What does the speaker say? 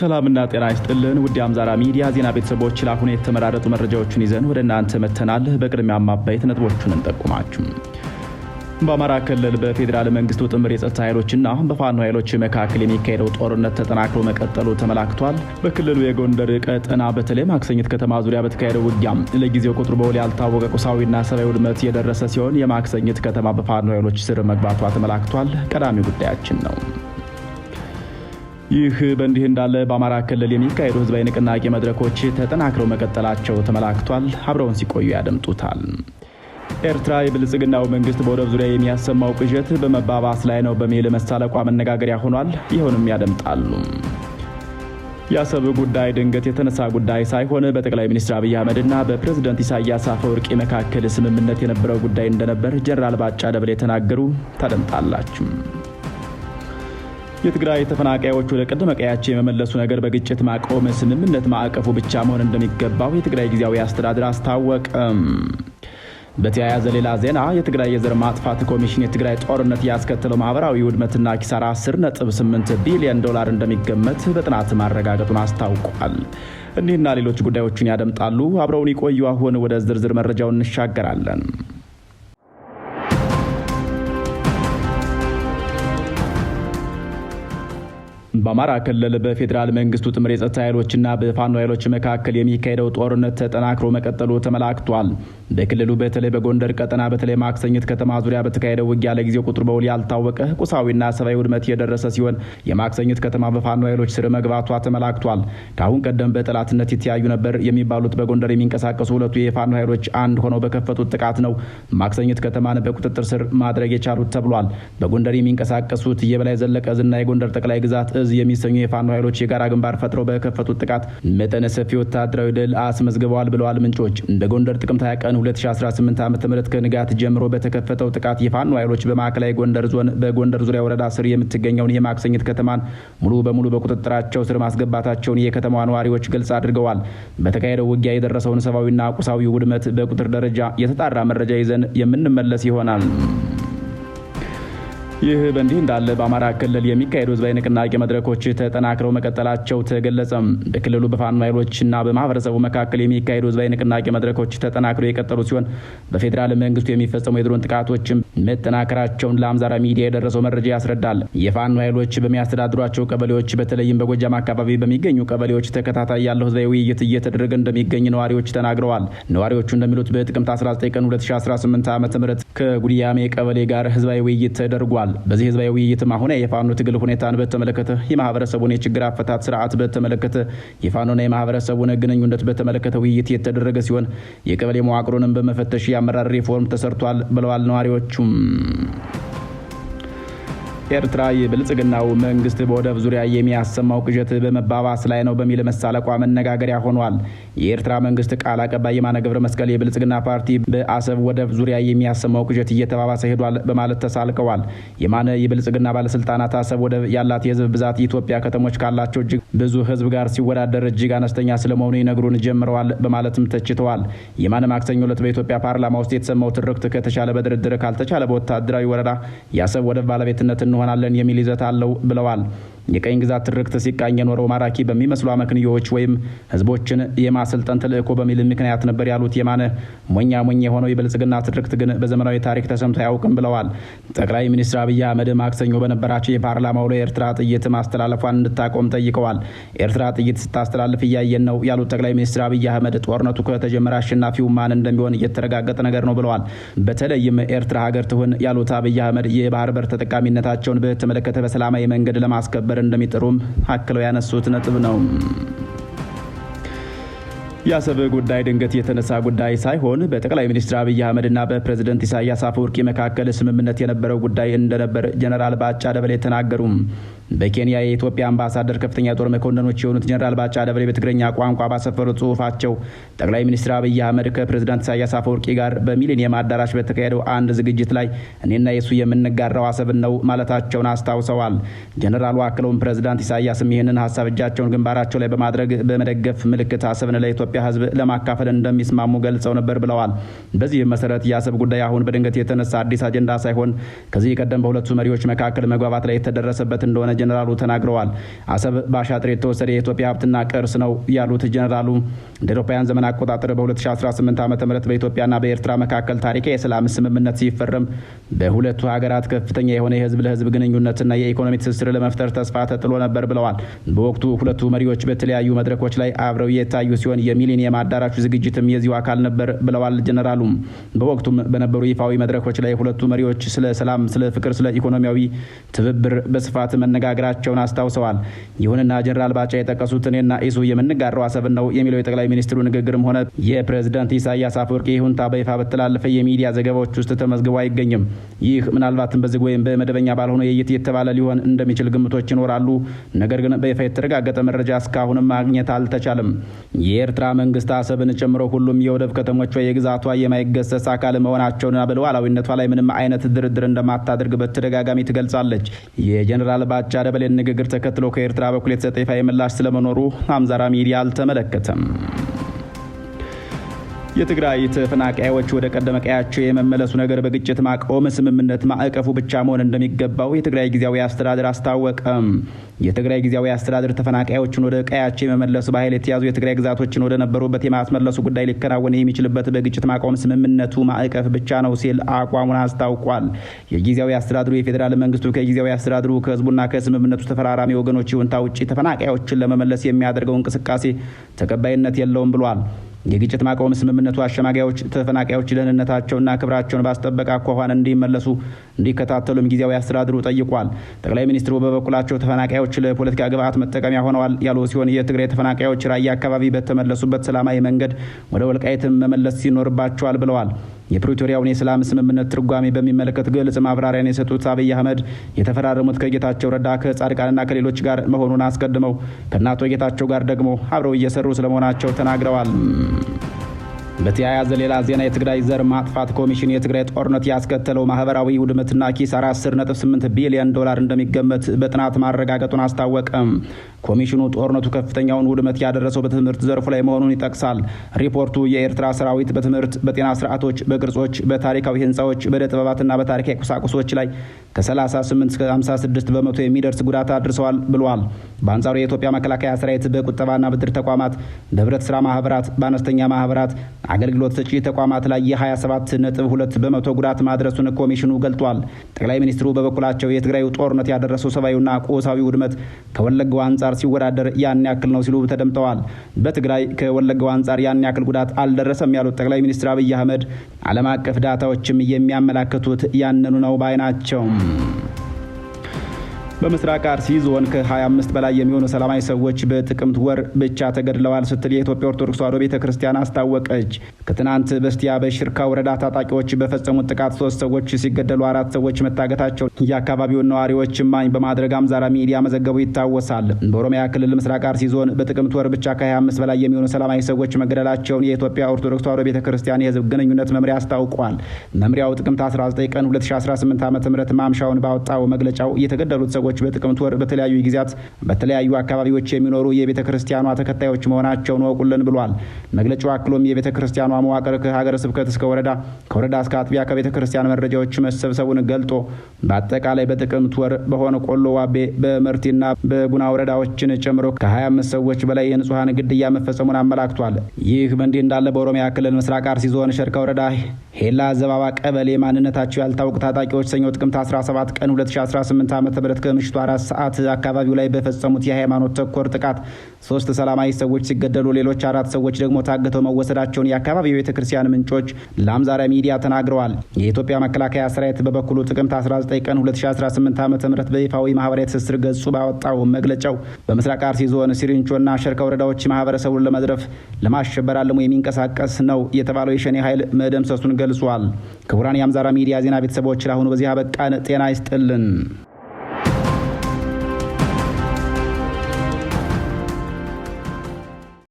ሰላምና ጤና ይስጥልን ውድ አምዛራ ሚዲያ ዜና ቤተሰቦች፣ ለአሁኑ የተመራረጡ መረጃዎችን ይዘን ወደ እናንተ መተናል። በቅድሚያ አበይት ነጥቦቹን እንጠቁማችሁ። በአማራ ክልል በፌዴራል መንግስቱ ጥምር የጸጥታ ኃይሎችና በፋኖ ኃይሎች መካከል የሚካሄደው ጦርነት ተጠናክሮ መቀጠሉ ተመላክቷል። በክልሉ የጎንደር ቀጠና በተለይ ማክሰኝት ከተማ ዙሪያ በተካሄደው ውጊያ ለጊዜው ቁጥሩ በውል ያልታወቀ ቁሳዊና ሰብአዊ ውድመት የደረሰ ሲሆን የማክሰኝት ከተማ በፋኖ ኃይሎች ስር መግባቷ ተመላክቷል። ቀዳሚ ጉዳያችን ነው። ይህ በእንዲህ እንዳለ በአማራ ክልል የሚካሄዱ ህዝባዊ ንቅናቄ መድረኮች ተጠናክረው መቀጠላቸው ተመላክቷል። አብረውን ሲቆዩ ያደምጡታል። ኤርትራ የብልጽግናው መንግስት በወደብ ዙሪያ የሚያሰማው ቅዠት በመባባስ ላይ ነው በሚል መሳለቋ መነጋገሪያ ሆኗል። ይኸውንም ያደምጣሉ። የአሰብ ጉዳይ ድንገት የተነሳ ጉዳይ ሳይሆን በጠቅላይ ሚኒስትር አብይ አህመድና በፕሬዝደንት ኢሳያስ አፈወርቂ መካከል ስምምነት የነበረው ጉዳይ እንደነበር ጀነራል ባጫ ደብሌ የተናገሩ ታደምጣላችሁ። የትግራይ ተፈናቃዮች ወደ ቀደመ ቀያቸው የመመለሱ ነገር በግጭት ማቆም ስምምነት ማዕቀፉ ብቻ መሆን እንደሚገባው የትግራይ ጊዜያዊ አስተዳደር አስታወቀም። በተያያዘ ሌላ ዜና የትግራይ የዘር ማጥፋት ኮሚሽን የትግራይ ጦርነት ያስከተለው ማህበራዊ ውድመትና ኪሳራ 10.8 ቢሊዮን ዶላር እንደሚገመት በጥናት ማረጋገጡን አስታውቋል። እኒህና ሌሎች ጉዳዮችን ያደምጣሉ። አብረውን ይቆዩ። አሁን ወደ ዝርዝር መረጃው እንሻገራለን። በአማራ ክልል በፌዴራል መንግስቱ ጥምር የጸጥታ ኃይሎችና በፋኖ ኃይሎች መካከል የሚካሄደው ጦርነት ተጠናክሮ መቀጠሉ ተመላክቷል። በክልሉ በተለይ በጎንደር ቀጠና በተለይ ማክሰኝት ከተማ ዙሪያ በተካሄደው ውጊያ ለጊዜው ቁጥር በውል ያልታወቀ ቁሳዊና ሰብአዊ ውድመት የደረሰ ሲሆን የማክሰኝት ከተማ በፋኖ ኃይሎች ስር መግባቷ ተመላክቷል። ከአሁን ቀደም በጠላትነት የተያዩ ነበር የሚባሉት በጎንደር የሚንቀሳቀሱ ሁለቱ የፋኖ ኃይሎች አንድ ሆነው በከፈቱት ጥቃት ነው ማክሰኝት ከተማን በቁጥጥር ስር ማድረግ የቻሉት ተብሏል። በጎንደር የሚንቀሳቀሱት የበላይ ዘለቀ እዝና የጎንደር ጠቅላይ ግዛት እዝ የሚሰኙ የፋኖ ኃይሎች የጋራ ግንባር ፈጥረው በከፈቱት ጥቃት መጠነ ሰፊ ወታደራዊ ድል አስመዝግበዋል ብለዋል ምንጮች። በጎንደር ጥቅምት 20 ቀን ቀን 2018 ዓ ም ከንጋት ጀምሮ በተከፈተው ጥቃት የፋኖ ኃይሎች በማዕከላዊ ጎንደር ዞን በጎንደር ዙሪያ ወረዳ ስር የምትገኘውን የማክሰኝት ከተማን ሙሉ በሙሉ በቁጥጥራቸው ስር ማስገባታቸውን የከተማዋ ነዋሪዎች ግልጽ አድርገዋል። በተካሄደው ውጊያ የደረሰውን ሰብአዊና ቁሳዊ ውድመት በቁጥር ደረጃ የተጣራ መረጃ ይዘን የምንመለስ ይሆናል። ይህ በእንዲህ እንዳለ በአማራ ክልል የሚካሄዱ ህዝባዊ ንቅናቄ መድረኮች ተጠናክረው መቀጠላቸው ተገለጸም። በክልሉ በፋኖ ኃይሎችና በማህበረሰቡ መካከል የሚካሄዱ ህዝባዊ ንቅናቄ መድረኮች ተጠናክረው የቀጠሉ ሲሆን በፌዴራል መንግስቱ የሚፈጸሙ የድሮን ጥቃቶችም መጠናከራቸውን ለአምዛራ ሚዲያ የደረሰው መረጃ ያስረዳል። የፋኖ ኃይሎች በሚያስተዳድሯቸው ቀበሌዎች በተለይም በጎጃም አካባቢ በሚገኙ ቀበሌዎች ተከታታይ ያለው ህዝባዊ ውይይት እየተደረገ እንደሚገኝ ነዋሪዎች ተናግረዋል። ነዋሪዎቹ እንደሚሉት በጥቅምት 19 ቀን 2018 ዓ ም ከጉዲያሜ ቀበሌ ጋር ህዝባዊ ውይይት ተደርጓል። በዚህ ህዝባዊ ውይይትም አሁን የፋኖ ትግል ሁኔታን በተመለከተ የማህበረሰቡን የችግር አፈታት ስርዓት በተመለከተ የፋኖና የማህበረሰቡን ግንኙነት በተመለከተ ውይይት የተደረገ ሲሆን የቀበሌ መዋቅሩንም በመፈተሽ የአመራር ሪፎርም ተሰርቷል ብለዋል ነዋሪዎቹም። ኤርትራ የብልጽግናው መንግስት በወደብ ዙሪያ የሚያሰማው ቅዠት በመባባስ ላይ ነው በሚል መሳለቋ መነጋገሪያ ሆኗል። የኤርትራ መንግስት ቃል አቀባይ የማነ ገብረ መስቀል የብልጽግና ፓርቲ በአሰብ ወደብ ዙሪያ የሚያሰማው ቅዠት እየተባባሰ ሄዷል በማለት ተሳልቀዋል። የማነ የብልጽግና ባለስልጣናት አሰብ ወደብ ያላት የህዝብ ብዛት የኢትዮጵያ ከተሞች ካላቸው እጅግ ብዙ ህዝብ ጋር ሲወዳደር እጅግ አነስተኛ ስለመሆኑ ይነግሩን ጀምረዋል በማለትም ተችተዋል። የማነ ማክሰኞ ዕለት በኢትዮጵያ ፓርላማ ውስጥ የተሰማው ትርክት ከተቻለ በድርድር ካልተቻለ በወታደራዊ ወረራ የአሰብ ወደብ ባለቤትነትን እንሆናለን የሚል ይዘት አለው ብለዋል። የቀኝ ግዛት ትርክት ሲቃኝ የኖረው ማራኪ በሚመስሉ አመክንዮዎች ወይም ህዝቦችን የማሰልጠን ተልእኮ በሚል ምክንያት ነበር ያሉት የማነ ሞኛ ሞኝ የሆነው የብልጽግና ትርክት ግን በዘመናዊ ታሪክ ተሰምቶ አያውቅም ብለዋል። ጠቅላይ ሚኒስትር አብይ አህመድ ማክሰኞ በነበራቸው የፓርላማው ላይ ኤርትራ ጥይት ማስተላለፏን እንድታቆም ጠይቀዋል። ኤርትራ ጥይት ስታስተላልፍ እያየን ነው ያሉት ጠቅላይ ሚኒስትር አብይ አህመድ ጦርነቱ ከተጀመረ አሸናፊው ማን እንደሚሆን እየተረጋገጠ ነገር ነው ብለዋል። በተለይም ኤርትራ ሀገር ትሁን ያሉት አብይ አህመድ የባህር በር ተጠቃሚነታቸውን በተመለከተ በሰላማዊ መንገድ ለማስከበር መስመር እንደሚጥሩም አክለው ያነሱት ነጥብ ነው። የአሰብ ጉዳይ ድንገት የተነሳ ጉዳይ ሳይሆን በጠቅላይ ሚኒስትር አብይ አህመድና በፕሬዝደንት ኢሳያስ አፈወርቂ መካከል ስምምነት የነበረው ጉዳይ እንደነበር ጀነራል ባጫ ደበሌ ተናገሩም። በኬንያ የኢትዮጵያ አምባሳደር ከፍተኛ ጦር መኮንኖች የሆኑት ጀኔራል ባጫ ደበሌ በትግረኛ ቋንቋ ባሰፈሩ ጽሁፋቸው ጠቅላይ ሚኒስትር አብይ አህመድ ከፕሬዝዳንት ኢሳያስ አፈወርቂ ጋር በሚሊኒየም አዳራሽ በተካሄደው አንድ ዝግጅት ላይ እኔና የሱ የምንጋራው አሰብን ነው ማለታቸውን አስታውሰዋል። ጀኔራሉ አክለውም ፕሬዝዳንት ኢሳያስም ይህንን ሀሳብ እጃቸውን ግንባራቸው ላይ በማድረግ በመደገፍ ምልክት አሰብን ለኢትዮጵያ ህዝብ ለማካፈል እንደሚስማሙ ገልጸው ነበር ብለዋል። በዚህም መሰረት የአሰብ ጉዳይ አሁን በድንገት የተነሳ አዲስ አጀንዳ ሳይሆን ከዚህ ቀደም በሁለቱ መሪዎች መካከል መግባባት ላይ የተደረሰበት እንደሆነ ጀነራሉ ተናግረዋል። አሰብ በአሻጥር የተወሰደ የኢትዮጵያ ሀብትና ቅርስ ነው ያሉት ጀነራሉ እንደ አውሮፓውያን ዘመን አቆጣጠር በ2018 ዓ ም በኢትዮጵያና በኤርትራ መካከል ታሪክ የሰላም ስምምነት ሲፈረም በሁለቱ ሀገራት ከፍተኛ የሆነ የህዝብ ለህዝብ ግንኙነትና የኢኮኖሚ ትስስር ለመፍጠር ተስፋ ተጥሎ ነበር ብለዋል። በወቅቱ ሁለቱ መሪዎች በተለያዩ መድረኮች ላይ አብረው የታዩ ሲሆን የሚሊኒየም አዳራሹ ዝግጅትም የዚሁ አካል ነበር ብለዋል ጀነራሉ። በወቅቱም በነበሩ ይፋዊ መድረኮች ላይ ሁለቱ መሪዎች ስለ ሰላም፣ ስለ ፍቅር፣ ስለ ኢኮኖሚያዊ ትብብር በስፋት መነጋ መነጋገራቸውን አስታውሰዋል። ይሁንና ጀኔራል ባጫ የጠቀሱት እኔና ኢሱ የምንጋራው አሰብን ነው የሚለው የጠቅላይ ሚኒስትሩ ንግግርም ሆነ የፕሬዝዳንት ኢሳያስ አፈወርቂ ይሁንታ በይፋ በተላለፈ የሚዲያ ዘገባዎች ውስጥ ተመዝግቦ አይገኝም። ይህ ምናልባትም በዝግ ወይም በመደበኛ ባልሆነ የይት የተባለ ሊሆን እንደሚችል ግምቶች ይኖራሉ። ነገር ግን በይፋ የተረጋገጠ መረጃ እስካሁንም ማግኘት አልተቻለም። የኤርትራ መንግስት አሰብን ጨምሮ ሁሉም የወደብ ከተሞቿ የግዛቷ የማይገሰስ አካል መሆናቸውንና በሉዓላዊነቷ ላይ ምንም አይነት ድርድር እንደማታደርግ በተደጋጋሚ ትገልጻለች። የጀኔራል ባጫ የአቻ አደበሌን ንግግር ተከትሎ ከኤርትራ በኩል የተሰጠ ይፋ ምላሽ ስለመኖሩ አምዛራ ሚዲያ አልተመለከተም። የትግራይ ተፈናቃዮች ወደ ቀደመ ቀያቸው የመመለሱ ነገር በግጭት ማቆም ስምምነት ማዕቀፉ ብቻ መሆን እንደሚገባው የትግራይ ጊዜያዊ አስተዳደር አስታወቀም። የትግራይ ጊዜያዊ አስተዳደር ተፈናቃዮችን ወደ ቀያቸው የመመለሱ በኃይል የተያዙ የትግራይ ግዛቶችን ወደ ነበሩበት የማስመለሱ ጉዳይ ሊከናወን የሚችልበት በግጭት ማቆም ስምምነቱ ማዕቀፍ ብቻ ነው ሲል አቋሙን አስታውቋል። የጊዜያዊ አስተዳድሩ የፌዴራል መንግስቱ ከጊዜያዊ አስተዳድሩ ከህዝቡና ከስምምነቱ ተፈራራሚ ወገኖች ይሁንታ ውጪ ተፈናቃዮችን ለመመለስ የሚያደርገው እንቅስቃሴ ተቀባይነት የለውም ብሏል። የግጭት ማቆም ስምምነቱ አሸማጋዮች ተፈናቃዮች ደህንነታቸውና ክብራቸውን ባስጠበቀ አኳኋን እንዲመለሱ እንዲከታተሉም ጊዜያዊ አስተዳድሩ ጠይቋል። ጠቅላይ ሚኒስትሩ በበኩላቸው ተፈናቃዮች ለፖለቲካ ግብዓት መጠቀሚያ ሆነዋል ያሉ ሲሆን የትግራይ ተፈናቃዮች ራያ አካባቢ በተመለሱበት ሰላማዊ መንገድ ወደ ወልቃይትም መመለስ ይኖርባቸዋል ብለዋል። የፕሪቶሪያውን የሰላም ስምምነት ትርጓሜ በሚመለከት ግልጽ ማብራሪያን የሰጡት አብይ አህመድ የተፈራረሙት ከጌታቸው ረዳ ከጻድቃንና ከሌሎች ጋር መሆኑን አስቀድመው ከእናቶ ጌታቸው ጋር ደግሞ አብረው እየሰሩ ስለመሆናቸው ተናግረዋል። በተያያዘ ሌላ ዜና የትግራይ ዘር ማጥፋት ኮሚሽን የትግራይ ጦርነት ያስከተለው ማህበራዊ ውድመትና ኪሳራ 18 ቢሊዮን ዶላር እንደሚገመት በጥናት ማረጋገጡን አስታወቀም። ኮሚሽኑ ጦርነቱ ከፍተኛውን ውድመት ያደረሰው በትምህርት ዘርፉ ላይ መሆኑን ይጠቅሳል። ሪፖርቱ የኤርትራ ሰራዊት በትምህርት፣ በጤና ስርዓቶች፣ በቅርጾች፣ በታሪካዊ ህንፃዎች፣ በደ ጥበባትና በታሪካዊ ቁሳቁሶች ላይ ከ38 እስከ 56 በመቶ የሚደርስ ጉዳት አድርሰዋል ብሏል። በአንጻሩ የኢትዮጵያ መከላከያ ሰራዊት በቁጠባና ብድር ተቋማት፣ በህብረት ስራ ማህበራት፣ በአነስተኛ ማህበራት፣ አገልግሎት ሰጪ ተቋማት ላይ የ27 ነጥብ 2 በመቶ ጉዳት ማድረሱን ኮሚሽኑ ገልጧል። ጠቅላይ ሚኒስትሩ በበኩላቸው የትግራዩ ጦርነት ያደረሰው ሰብአዊና ቁሳዊ ውድመት ከወለገው አንጻር ሲወዳደር ያን ያክል ነው ሲሉ ተደምጠዋል። በትግራይ ከወለገው አንጻር ያን ያክል ጉዳት አልደረሰም ያሉት ጠቅላይ ሚኒስትር አብይ አህመድ ዓለም አቀፍ ዳታዎችም የሚያመላክቱት ያንኑ ነው ባይ ናቸው። በምስራቅ አርሲ ዞን ከ25 በላይ የሚሆኑ ሰላማዊ ሰዎች በጥቅምት ወር ብቻ ተገድለዋል ስትል የኢትዮጵያ ኦርቶዶክስ ተዋሕዶ ቤተ ክርስቲያን አስታወቀች። ከትናንት በስቲያ በሽርካ ወረዳ ታጣቂዎች በፈጸሙት ጥቃት ሶስት ሰዎች ሲገደሉ አራት ሰዎች መታገታቸው የአካባቢውን ነዋሪዎች በማድረግ አምዛራ ሚዲያ መዘገቡ ይታወሳል። በኦሮሚያ ክልል ምስራቅ አርሲ ዞን በጥቅምት ወር ብቻ ከ25 በላይ የሚሆኑ ሰላማዊ ሰዎች መገደላቸውን የኢትዮጵያ ኦርቶዶክስ ተዋሕዶ ቤተ ክርስቲያን የህዝብ ግንኙነት መምሪያ አስታውቋል። መምሪያው ጥቅምት 19 ቀን 2018 ዓ ም ማምሻውን ባወጣው መግለጫው የተገደሉት ሰዎች ሰዎች በጥቅምት ወር በተለያዩ ጊዜያት በተለያዩ አካባቢዎች የሚኖሩ የቤተ ክርስቲያኗ ተከታዮች መሆናቸውን ወቁልን ብሏል። መግለጫው አክሎም የቤተ ክርስቲያኗ መዋቅር ከሀገረ ስብከት እስከ ወረዳ፣ ከወረዳ እስከ አጥቢያ ከቤተ ክርስቲያን መረጃዎች መሰብሰቡን ገልጦ በአጠቃላይ በጥቅምት ወር በሆነ ቆሎ ዋቤ፣ በመርቲና በጉና ወረዳዎችን ጨምሮ ከ25 ሰዎች በላይ የንጹሐን ግድያ መፈጸሙን አመላክቷል። ይህ በእንዲህ እንዳለ በኦሮሚያ ክልል ምስራቅ አርሲ ዞን ሸርካ ወረዳ ሄላ ዘባባ ቀበሌ ማንነታቸው ያልታወቁ ታጣቂዎች ሰኞ ጥቅምት 17 ቀን 2018 ዓ ም ከምሽቱ አራት ሰዓት አካባቢው ላይ በፈጸሙት የሃይማኖት ተኮር ጥቃት ሶስት ሰላማዊ ሰዎች ሲገደሉ ሌሎች አራት ሰዎች ደግሞ ታግተው መወሰዳቸውን የአካባቢው ቤተክርስቲያን ምንጮች ለአምዛራ ሚዲያ ተናግረዋል። የኢትዮጵያ መከላከያ ሰራዊት በበኩሉ ጥቅምት 19 ቀን 2018 ዓ ም በይፋዊ ማህበራዊ ትስስር ገጹ ባወጣው መግለጫው በምስራቅ አርሲ ዞን ሲሪንቾና ሸርካ ወረዳዎች ማህበረሰቡን ለመዝረፍ ለማሸበር አልሞ የሚንቀሳቀስ ነው የተባለው የሸኔ ኃይል መደምሰሱን ገልጿል። ክቡራን የአምዛራ ሚዲያ ዜና ቤተሰቦች ለአሁኑ በዚህ አበቃን። ጤና ይስጥልን።